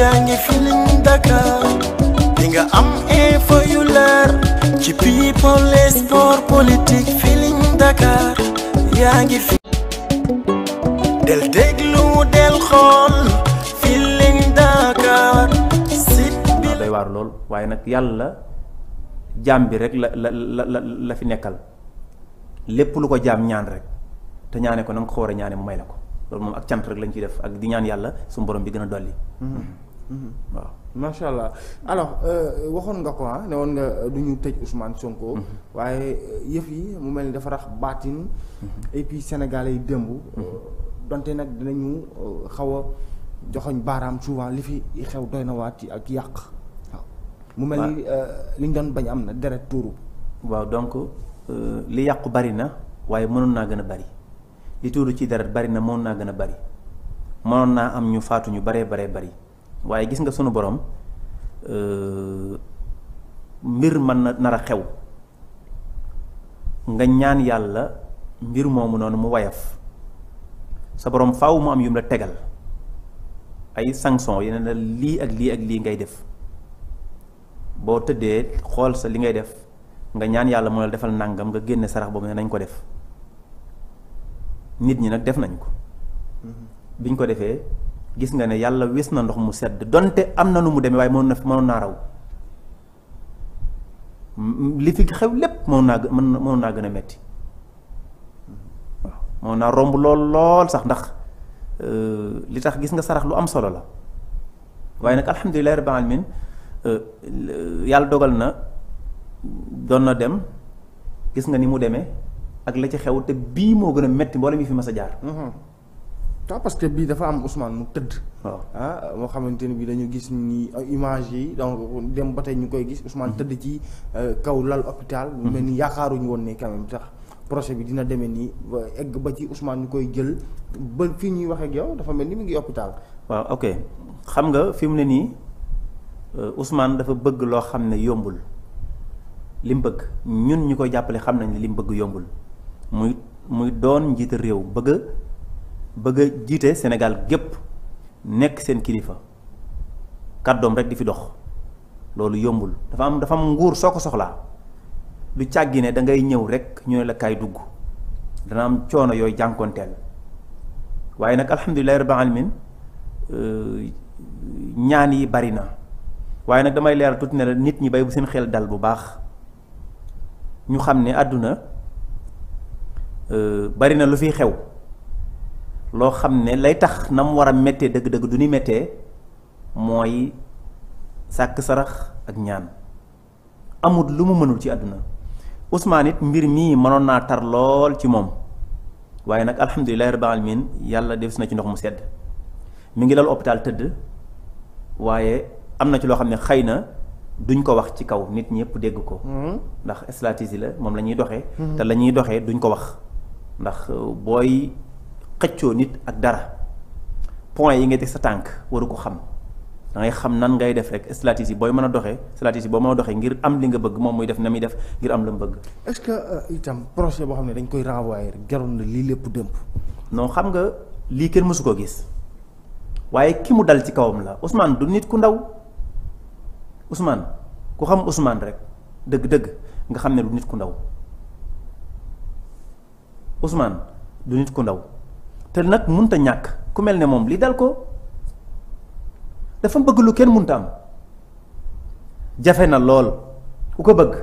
yaa ngi Feeling Dakar di nga am info yu leer ci people del xool lool waaye nag yàlla jaam bi rek la la la la fi nekkal lépp lu ko jaam ñaan rek te ñaane ko na nga ko war a ñaane mu may la ko loolu moom ak cant rek lañ ciy def ak di ñaan yàlla su borom bi gën a dolli. Mm-hmm. Mm-hmm. waaw macha allah alors euh, waxoon nga ko ah woon nga euh, du ñu tëj Ousmane Sonko. Mm-hmm. waaye euh, yëf yi mu mel ni dafa rax baatin. Mm-hmm. et puis sénégalais yi démb. donte nag dinañu xaw a joxoñ baaraam souvent li fi xew doy na waat yi ak yàq. mu mel ni li liñ doon bañ am na deret tuuru. waaw donc li yàqu bari na waaye mënoon naa gën a bari li tuuru ci deret bari na mënoon naa gën a bari mënoon naa am ñu faatu ñu baree baree bari. waaye gis nga sunu borom euh, mbir mën na nar a xew nga ñaan yàlla mbir moomu noonu mu wayaf sa boroom faw mu am yum la tegal ay sanction yeneen la lii ak lii ak lii ngay def boo tëddee xool sa li ngay def nga ñaan yàlla mu la defal nàngam nga génne sarax boobu ne nañ ko def nit ñi nag def nañ ko mm-hmm. biñ ko defee gis nga ne yàlla wis na ndox mu sedd donte am na nu mu deme waaye mënoon na mënoon naa raw li fi xew lépp mënoon naa mënoon gën a metti waaw mënoon naa romb lool lool sax ndax euh, li tax gis nga sarax lu am solo la waaye nag alhamdulilahi rabbil alamin euh, yàlla dogal na doon na dem gis nga ni mu demee ak la ci xew te bii moo gën a metti mboolem yi fi mas a jaar mm-hmm. waaw que bii dafa am Ousmane mu tëdd. waaw ah, moo xamante ni bii dañu gis ni euh, image yi donc dem ba tey ñu koy gis Ousmane tëdd ci euh, kaw lal hôpital. Mm-hmm. mu mel ni yaakaaruñu woon ne quand même sax projet bi dina demee nii ba egg ba ci Ousmane ñu koy jël ba fii ñuy wax ak yow dafa mel ni mu ngi hôpital. waaw ok xam nga fi mu ne nii euh, Ousmane dafa bëgg loo xam ne yombul li bëgg ñun ñu koy jàppale xam nañ lim bëgg yombul muy muy doon njiitu réew bëgg. bëgg a jiite senegal gépp nekk seen kilifa kàddoom rek di fi dox loolu yombul dafa am dafa am nguur soo ko soxlaa lu càggi ne da ñëw rek ñu ne la kaay dugg dana am coono yooyu jànkonteel waaye nag alhamdulilahi rabbil alamin euh, ñaan yi bari na waaye nag damay leeral tuuti ne nit ñi bay bu seen xel dal bu baax ñu xam ne àdduna euh, bari na lu fiy xew loo xam ne lay tax na mu war a méttee dëgg-dëgg du ni méttee mooy sàkk sarax ak ñaan amut lu mu mënul ci àdduna Ousmane it mbir mii mënoon naa tar lool ci moom waaye nag alhamdulilahi rabbil alamin yàlla def na ci ndox mu sedd mu ngi lal hôpital tëdd waaye am na ci loo xam ne xëy na duñ ko wax ci kaw nit ñëpp dégg ko hmm? ndax stratégie la moom lañuy doxe doxee hmm. te la ñuy duñ ko wax ndax booy xëccoo nit ak dara point yi ngay teg sa tànk waru ko xam da xam nan ngay def rek stratégie booy mën a doxee stratégie boo mën a doxee ngir am li nga bëgg moom muy def na muy def ngir am la mu bëgg. est-ce que euh, itam projet boo xam ne dañ koy renvoyer jaroon na lii lépp dëmp. non xam nga lii kenn mësu koo gis waaye ki mu dal ci kawam la Ousmane du nit ku ndaw Ousmane ku xam Ousmane rek dëgg nga xam ne du nit ku ndaw Ousmane du nit ku ndaw. te nag mënut ñàkk ku mel ne moom li dal ko dafa bëgg lu kenn mënut a am jafe na lool ku ko bëgg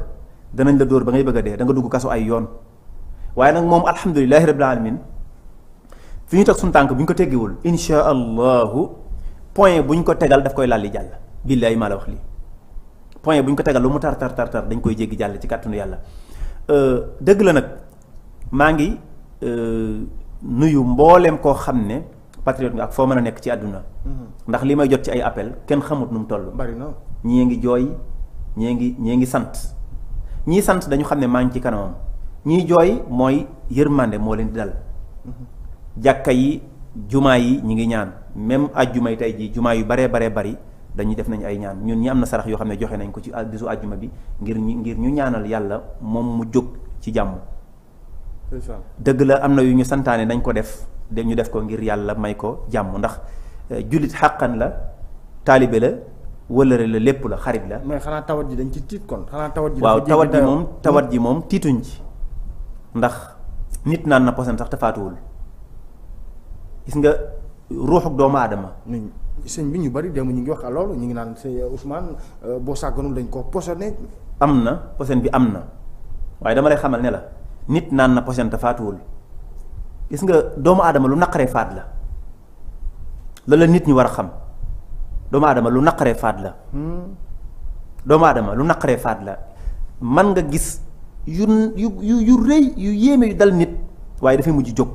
danañ la dóor ba ngay bëgg dee da nga dugg kaso ay yoon waaye nag moom alhamdulilahi rabbil alamin fi ñu teg suñu tànk bu ñu ko teggiwul insha allahu point bu ñu ko tegal daf koy lalli jàll billahi maa la wax lii point bu ñu ko tegal lu mu tar tar tar dañ koy jéggi jàll ci kàttanu yàlla euh, dëgg la nag maa ngi euh, nuyu mbooleem koo xam ne patriote nga ak foo mën a nekk ci àdduna ndax li may jot ci ay appel kenn xamut nu mu toll bari na ñii ngi jooy ñii ngi ñee ngi sant ñii sant dañu xam ne maa ngi ci kanamam ñii jooy mooy yërmande moo leen di dal jàkka yi jumaa yi ñi ngi ñaan même ajjuma yi tey jii jumaa yu baree baree bari dañu def nañu ay ñaan ñun ñi am na sarax yoo xam ne joxe nañ ko ci bisu ajjuma bi ngir ñu ngir ñu ñaanal yàlla moom mu jóg ci jàmm dëgg la am na yu ñu santaane dañ ko def dem ñu def ko ngir yàlla may ko jàmm ndax eh, jullit xàqan la taalibe la wëlëre la lépp la xarit la. mais xanaa tawat ji dañ ci tiit kon xanaa tawat ji waaw tawat ji moom tawat ji moom tiituñ ci ndax nit naan na posen sax te gis nga ruuxuk doomu aadama. sëñ bi ñu bari dem ñu ngi wax loolu ñu ngi naan sëñ Ousmane eh, boo sàgganul dañ ko posone am na posen bi am na waaye dama lay xamal ne la. nit naan na poison te faatuwul gis nga doomu aadama lu naqaree faat la loolu nit ñu war a xam doomu aadama lu naqaree faat la doomu aadama lu naqaree la man nga gis yu yu yu yu rëy yu yéeme yu dal nit waaye dafay mujj jóg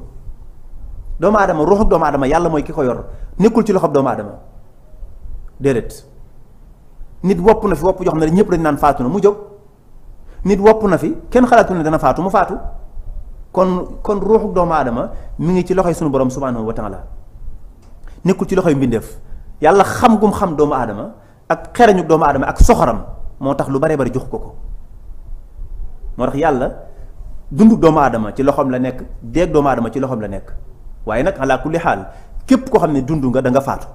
doomu aadama ruuxu doomu aadama yàlla mooy ki ko yor nekkul ci loxob doomu aadama déedéet nit wopp na fi wopp jox na ne ñëpp dañu naan faatu na mu jóg. nit wopp na fi kenn xalaatu ne dana faatu mu faatu kon kon ruuxu doomu aadama mu ngi ci loxoy sunu borom subhanahu wa la nekkul ci loxoy mbindeef yàlla xam gum xam doomu aadama ak xereñu doomu adama ak soxoram moo tax lu bare bari jox ko ko moo tax yàlla dundu doomu aadama ci loxoom la nekk deeg doomu aadama ci loxoom la nekk waaye nag ala kulli xaal képp koo xam ne dund nga danga nga faatu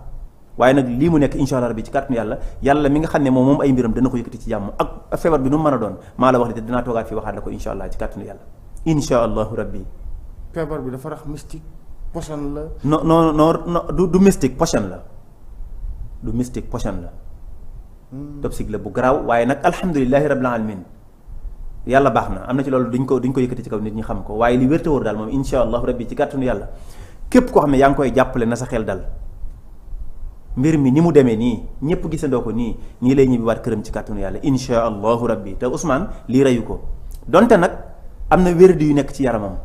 waaye nag lii mu nekk incha allah rabbi ci kàttanu yàlla yàlla mi nga xam ne moom moom ay mbiram dana ko yëkkati ci jàmm a doon maa la wax te dinaa ko incha allah ci kàttanu yàlla incha allahu rabbi feebar bi dafa rax mystique potion la. non non non du du mystique potion la du mystique potion la. Hmm. toxique la bu garaaw waaye nag alhamdulilahi rabbil alamin yàlla baax na am na ci loolu duñ ko duñ ko yëkkati ci kaw nit ñi xam ko waaye li wérte wóor daal moom incha allahu rabbi ci kàttanu yàlla képp koo xam ne yaa ngi koy jàppale na sa xel dal mbir mi ni mu demee nii ñëpp gisandoo ko nii ñii lay ñibbiwaat këram ci kàttanu yàlla insha allahu rabbi te Ousmane lii reyu ko donte nag am na wérdi yu nekk ci yaramam.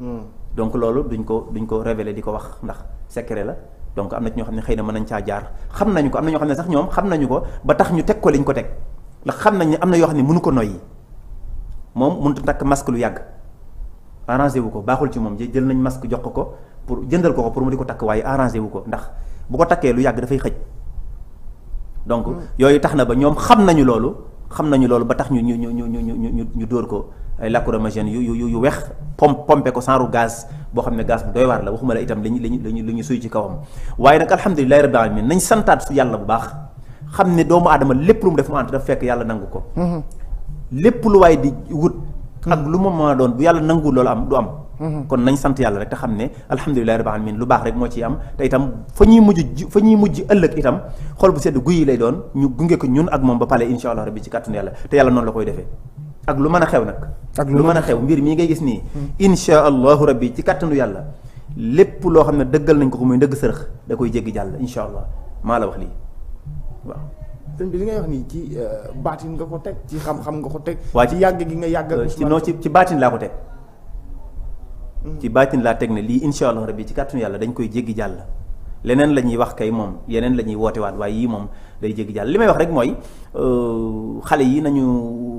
Hmm. donc loolu duñ ko duñ ko révéler di ko wax ndax secret la donc am na ñoo xam ne xëy na mën nañ caa jaar xam nañu ko am na ñoo xam ne sax ñoom xam nañu ko ba tax ñu teg ko liñ ko teg ndax xam nañ ne am na yoo xam ne munu ko noyyi moom mun a takk masque lu yàgg arrangé wu ko baaxul ci moom jël nañ masque jox ko ko pour jëndal ko ko pour mu ko takk waaye arrangé wu ko ndax bu ko takkee lu yàgg dafay xëj donc hmm. yooyu tax na ba ñoom xam nañu loolu xam nañu loolu ba tax ñu ñu ñu ñu ñu ñu dóor ko ay lacrymogène yu yu yu wex pom pompe ko sanru gaz boo xam ne gaz bu doy waar la waxuma la itam lañu lañu lañu suy ci kawam waaye nag alhamdulilahi rabbil alamin nañ santaat su yàlla bu baax xam ne doomu aadama lépp lu mu def mu ànd daf fekk yàlla nangu ko hmm. lépp lu waay di wut hmm. ak lu ma mën doon bu yàlla nangu loolu am du am kon nañ sant yàlla rek te xam ne alhamdulilahi rabbil alamin lu baax rek moo ciy am te itam fa ñuy mujj fa ñuy mujj ëllëg itam xol bu sedd guyi lay doon ñu gunge ko ñun ak moom ba pale insha allah rabbi ci kàttanu yàlla te yàlla la koy defee ak lu mën a xew nag ak lu mën a xew mbir mii ngay gis nii mm. insha allahu rabbi ci kàttanu yàlla lépp loo xam ne dëggal nañ ko ko muy ndëgg sërëx da koy jéggi jàll insha allah maa la wax lii waaw sëñ bi li ngay wax nii ci euh, baatin nga ko teg ci xam-xam nga ko teg waa ci yàgg gi nga yàgg ci noo ci baatin laa ko teg ci baatin laa teg ne lii incha allah rabbi ci kàttanu yàlla dañ koy jéggi jàll leneen la ñuy wax kay moom yeneen la ñuy woote waat waaye yii moom day jéggi jàll li may wax rek mooy euh, xale yi nañu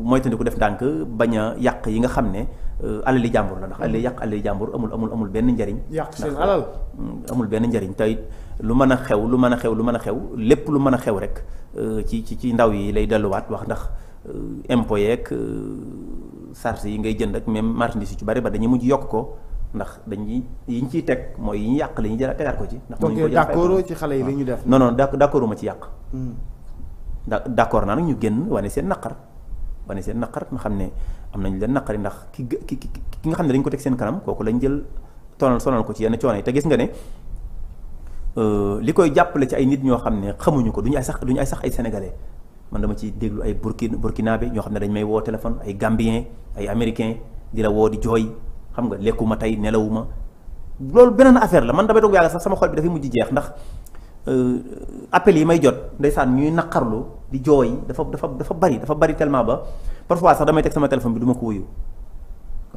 moytandiku def ndànk bañ a yàq yi nga xam ne euh, alali jàmbur la ndax alali yàq alali jàmbur amul amul amul benn njariñ yàq seen alal mm, amul benn njariñ tey lu mën a xew lu mën a xew lu mën a xew lépp lu mën a xew rek euh, ci ci ci ndaw yi lay delluwaat wax ndax impôt yeeg charge yi ngay jënd ak même marchandise yu ci bari ba dañuy mujj yokk ko ndax dañuy yi ñu ciy teg mooy yi ñu yàq li ñu jëlaat tegaat ko ci. ndax mënuñu ko ci xale yi li ñu def. non non d'accord ma ci yàq. Hmm. da d'accord naa nag ñu génn wane seen naqar wane seen naqar nga xam ne am nañu leen naqari ndax ki ki ki nga xam ne dañ ko teg seen kanam kooku lañ jël tonal sonal ko ci yenn coono yi te gis nga ne euh, li koy jàppale ci ay nit ñoo xam ne xamuñu ko duñu ay sax ay sax ay sénégalais man dama ci déglu ay burkina burkinabé ñoo xam ne dañ may woo téléphone ay gambien ay américain di woo di jooy xam nga lekkuma tey nelawuma loolu beneen affaire la man damay toog yàgg sax sama xol bi dafay mujj jeex ndax euh, appel yi may jot saan ñuy naqarlu di jooy dafa dafa dafa bari dafa bari tellement ba parfois sax damay teg sama téléphone bi du ma ko wuyu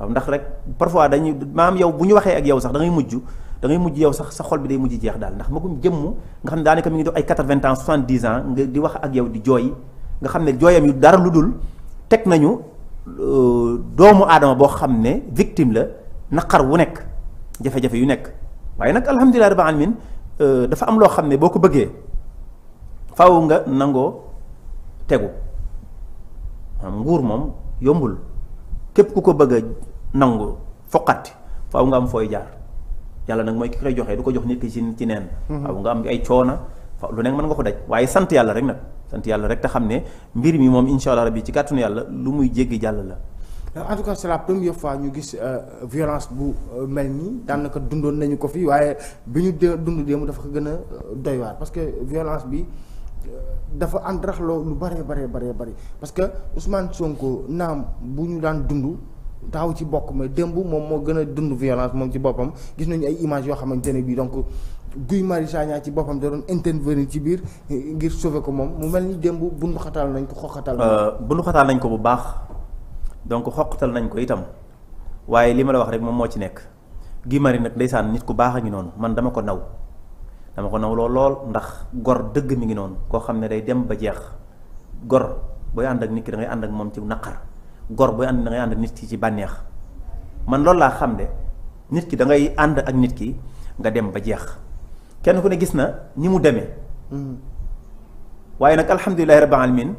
waaw ndax rek parfois dañuy maam yow bu ñu waxee ak yow sax da ngay mujj da ngay mujj yow sax sa xol bi day mujj jeex daal ndax magum jëmm nga xam ne daanaka mi ngi def ay quatre-vingts ans soixante-dix nga di wax ak yow di jooy nga xam ne jooyam yu dara lu dul teg nañu. Euh, doomu aadama boo xam ne victim la naqar wu nekk jafe-jafe yu nekk waaye nag alhamdulilah rabbil alamin euh, dafa am loo xam ne boo ko bëggee faw nga nangoo tegu nguur moom yombul képp ku ko bëgg a nangu foqati faaw nga am fooy jaar yàlla nag mooy ki koy joxee du ko jox nit ki ci ci neen. Mm-hmm. nga am ay coona lu nekk mën nga ko daj waaye sant yàlla rek nag. sant yàlla rek te xam ne mbir mi moom incha allah rabi ci kàttanu yàlla lu muy jéggi jàll la. Euh, en tout cas c'est la première fois ñu gis euh, violence bu euh, mel nii daanaka dundoon nañu ko fi waaye bi ñu dund démb dafa gën a doy waar parce que violence bi dafa àndraxloo lu bare bare bare bëri parce que Ousmane Sonko naam bu ñu daan dund daaw ci bokk ma démb moom moo gën a dund violence moom ci boppam gis nañu ay images yoo xamante ne bii donc Guy Marius Sagna ci boppam da doon intervenir ci biir ngir sauver ko moom mu mel ni démb bundu xataal nañ ko xoqatal. Euh, bundu nañ ko bu baax donc xoqatal nañ ko itam waaye li ma la wax rek moom moo ci nekk Guy Marius nag ndeysaan nit ku baax a ngi noonu man dama ko naw dama ko naw lool lool ndax gor dëgg mi ngi noonu koo xam ne day dem ba jeex gor booy ànd ak nit ki da ànd ak moom ci naqar gor booy ànd da ngay ànd nit ki ci bànneex man loolu laa xam ne nit ki da ngay ànd ak nit ki nga dem ba jeex. kenn ku ne gis na ni mu deme mm-hmm. waaye nag alhamdulilahi rabbil alamin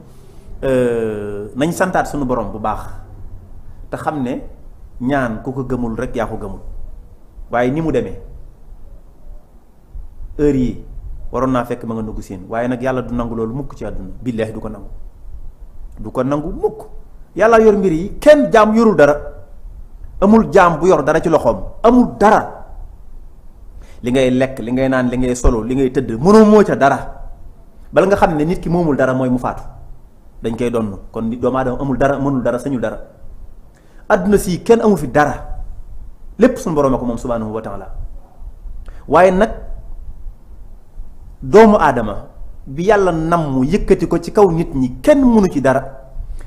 euh, nañ santaat suñu borom bu baax te xam ne ñaan ku ko gëmul rek yaa ko gëmul waaye ni mu demee heure yi waroon naa fekk ma nga nugg siin waaye nag yàlla du nangu loolu mukk ci àdduna billaahi du ko nangu du ko nangu mukk yàlla yor mbir yi kenn jaam yorul dara amul jaam bu yor dara ci loxoom amul dara li ngay lekk li ngay naan li ngay solo li ngay tëdd mënoo moo ca dara bala nga xam ne nit ki moomul dara mooy mu faatu dañ koy donn kon nit doomu aadama amul dara mënul dara sañul dara àdduna si kenn amu fi dara lépp suñu borom ko moom subhaanahu wa la waaye nag doomu aadama bi yàlla nam mu yëkkati ko ci kaw nit ñi kenn mënu ci dara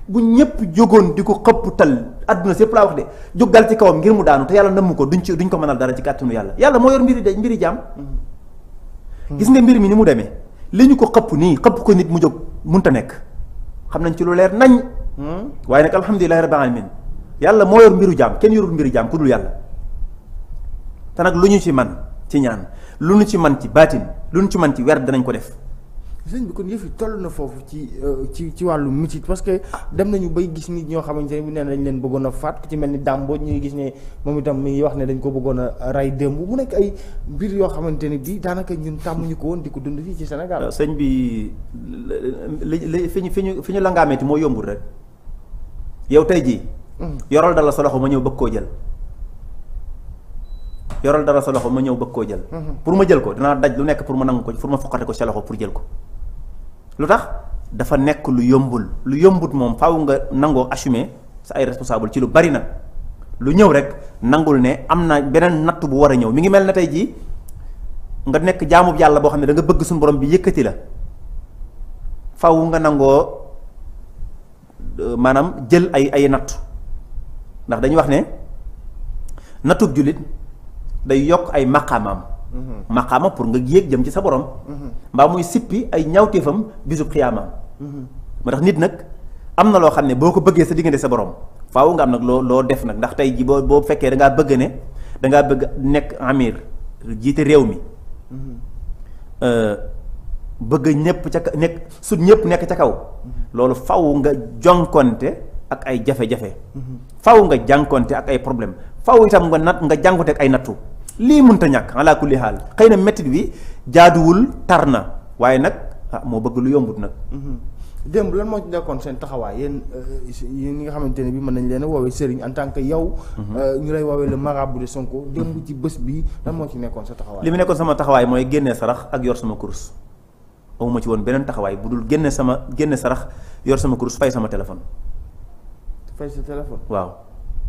bu ñëpp jógoon di ko xëpp tal àdduna si yëpp laa wax de jóg dal ci kawam ngir mu daanu te yàlla namm ko duñ ci duñ ko mënal dara ci kàttanu yàlla yàlla moo yor mbiri de mbiri jaam hmm. gis nga mbir mi ni mu demee li ñu ko xëpp nii xëpp ko nit mu jóg munta nekk xam nañ ci lu leer nañ hmm. waaye nag alhamdulilahi rabbil alamin yàlla moo yor mbiru jaam kenn yorul mbiru jaam ku dul yàlla te nag lu ñu ci man ci ñaan lu ñu ci man ci baatin lu ñu ci man ci wer danañ ko def sëñ bi kon yëf yi toll na foofu ci euh, ci ci wàllu mutit parce que dem nañu bay gis nit ñoo xamante ne mu nee dañ leen bëggoon a faat ku ci mel ni dàmbo ñu gis ne moom itam mi ngi wax ne dañ ko bëggoon a rey démb mu nekk ay mbir yoo xamante ne bii daanaka ñun tàmmuñu ko woon di ko dund fii ci senegal euh, sëñ bi li fi ñu fi ñu fi ñu langaameeti moo yombul rek yow tey jii. Mm. yoral dara sa loxo ma ñëw bëgg koo jël. yoral dara sa loxo ma ñëw bëgg koo jël. Mm-hmm. pour ma jël ko dinaa daj lu nekk pour ma nangu ko pour ma foqate ko loxo pour jël ko. lu tax dafa nekk lu yombul lu yombut moom faw nga nangoo assumer sa ay responsable ci lu bari na lu ñëw rek nangul ne am na beneen nattu bu war a ñëw mi ngi mel na tey jii nga nekk jaamub yàlla boo xam ne da nga bëgg suñu borom bi yëkkati la faw nga nangoo euh, maanaam jël ay ay nattu ndax dañuy wax ne nattub jullit day yokk ay maqaamaam maqaama pour nga yéeg jëm ci sa borom. mbaa muy sippi ay ñaawteefam bisub xiyaamaam. moo tax nit nag am na loo xam ne boo ko bëggee sa diggante sa borom faaw nga am nag loo loo def nag ndax ji boo boo fekkee da bëgg ne da ngaa bëgg nekk amir jiite réew mi. Euh, bëgg ñëpp ca su ñëpp nekk ca kaw loolu faw nga jonkonte ak ay jafe-jafe faw nga jànkonte ak ay problème faw itam nga nat nga jànkonte ak ay nattu lii mënta ñàkk ala kulli xaal xëy na métit bi jaaduwul tar na waaye nag ah moo bëgg lu yombut nag. Mhm. démb lan moo ci nekkoon seen taxawaay yéen euh, yéen nga xamante ne bi mën nañ leen a woowee sëriñ en tant que yow. Mhm. Euh, ñu lay woowee le marabout de Sonko. démb ci bës bi lan moo ci nekkoon sa taxawaay. li mu nekkoon sama taxawaay mooy génnee sarax ak yor sama course ma ci woon beneen taxawaay bu dul génne sama génne sarax yor sama course fay sama téléphone. fay sa téléphone waaw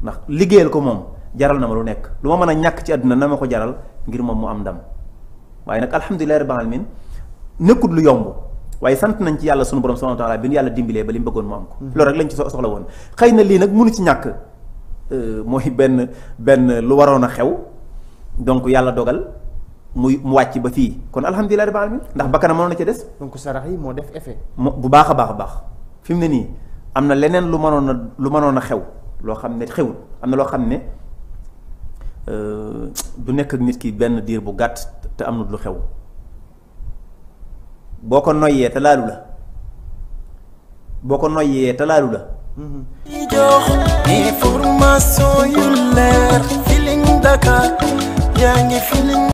ndax liggéeyal ko moom. jaral na ma lu nekk lu ma mën a ñàkk ci àdduna na ma ko jaral ngir moom mu am ndam waaye nag alhamdulillahi rabbil alamin nekkut lu yomb waaye sant nañ ci yàlla sunu borom subhanahu wa taala bi nu yàlla dimbilee ba li mu bëggoon mu am ko loolu rek lañ ci soxla woon xëy na lii nag mënu ci ñàkk euh, mooy benn benn lu waroon a xew donc yàlla dogal muy mu wàcc ba fii kon alhamdulillahi rabbil alamin ndax bakana mënoon na ca des donc sarax yi moo def effet bu baax a baax a baax fi mu ne nii am na leneen lu mënoon a lu mënoon a xew loo xam ne xewul am na loo xam ne du nekk ak nit ki benn diir bu gàtt te am na lu xew boo ko noyee te laalu la boo ko noyee te la. jox information yu leer Feeling Dakar yaa ngi Feeling.